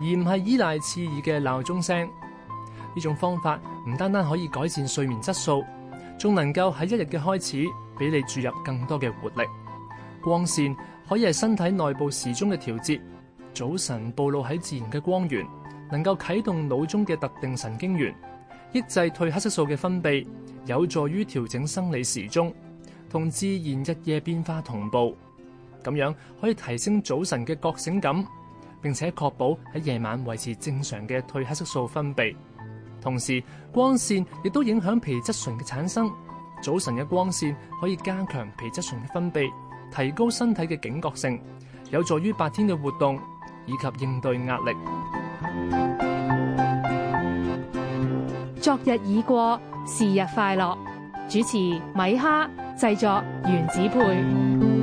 而唔係依賴刺耳嘅鬧鐘聲，呢種方法唔單單可以改善睡眠質素，仲能夠喺一日嘅開始俾你注入更多嘅活力。光線可以係身體內部時鐘嘅調節，早晨暴露喺自然嘅光源，能夠啟動腦中嘅特定神經元，抑制褪黑色素嘅分泌，有助於調整生理時鐘，同自然日夜變化同步。咁樣可以提升早晨嘅覺醒感。並且確保喺夜晚維持正常嘅褪黑色素分泌，同時光線亦都影響皮質醇嘅產生。早晨嘅光線可以加強皮質醇嘅分泌，提高身體嘅警覺性，有助於白天嘅活動以及應對壓力。昨日已過，是日快樂。主持米哈，製作原子配。